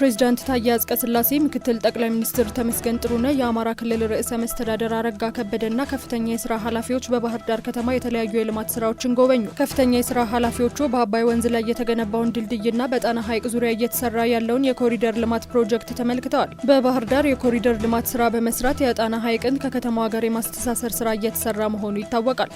ፕሬዚዳንት ታዬ አጽቀሥላሴ፣ ምክትል ጠቅላይ ሚኒስትር ተመስገን ጥሩነህ፣ የአማራ ክልል ርዕሰ መስተዳደር አረጋ ከበደና ከፍተኛ የስራ ኃላፊዎች በባህር ዳር ከተማ የተለያዩ የልማት ስራዎችን ጎበኙ። ከፍተኛ የስራ ኃላፊዎቹ በአባይ ወንዝ ላይ የተገነባውን ድልድይና በጣና ሐይቅ ዙሪያ እየተሰራ ያለውን የኮሪደር ልማት ፕሮጀክት ተመልክተዋል። በባህር ዳር የኮሪደር ልማት ስራ በመስራት የጣና ሐይቅን ከከተማዋ ጋር የማስተሳሰር ስራ እየተሰራ መሆኑ ይታወቃል።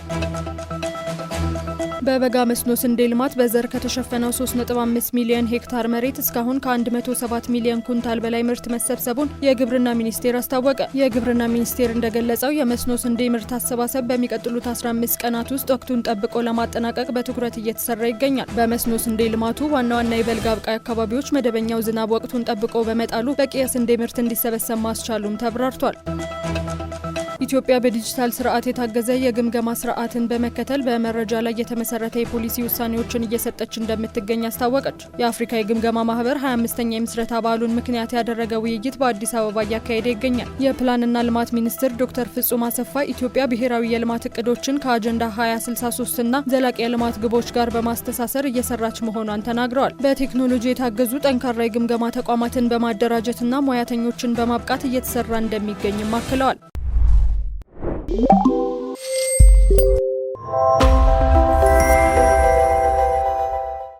በበጋ መስኖ ስንዴ ልማት በዘር ከተሸፈነው 3.5 ሚሊዮን ሄክታር መሬት እስካሁን ከ107 ሚሊዮን ኩንታል በላይ ምርት መሰብሰቡን የግብርና ሚኒስቴር አስታወቀ። የግብርና ሚኒስቴር እንደገለጸው የመስኖ ስንዴ ምርት አሰባሰብ በሚቀጥሉት 15 ቀናት ውስጥ ወቅቱን ጠብቆ ለማጠናቀቅ በትኩረት እየተሰራ ይገኛል። በመስኖ ስንዴ ልማቱ ዋና ዋና የበልግ አብቃይ አካባቢዎች መደበኛው ዝናብ ወቅቱን ጠብቆ በመጣሉ በቂ የስንዴ ምርት እንዲሰበሰብ ማስቻሉም ተብራርቷል። ኢትዮጵያ በዲጂታል ስርዓት የታገዘ የግምገማ ስርዓትን በመከተል በመረጃ ላይ የተመሰረተ የፖሊሲ ውሳኔዎችን እየሰጠች እንደምትገኝ አስታወቀች። የአፍሪካ የግምገማ ማህበር 25ኛ የምስረታ በዓሉን ምክንያት ያደረገ ውይይት በአዲስ አበባ እያካሄደ ይገኛል። የፕላንና ልማት ሚኒስትር ዶክተር ፍጹም አሰፋ ኢትዮጵያ ብሔራዊ የልማት እቅዶችን ከአጀንዳ 2063 እና ዘላቂ የልማት ግቦች ጋር በማስተሳሰር እየሰራች መሆኗን ተናግረዋል። በቴክኖሎጂ የታገዙ ጠንካራ የግምገማ ተቋማትን በማደራጀትና ሙያተኞችን በማብቃት እየተሰራ እንደሚገኝም አክለዋል። Thank you.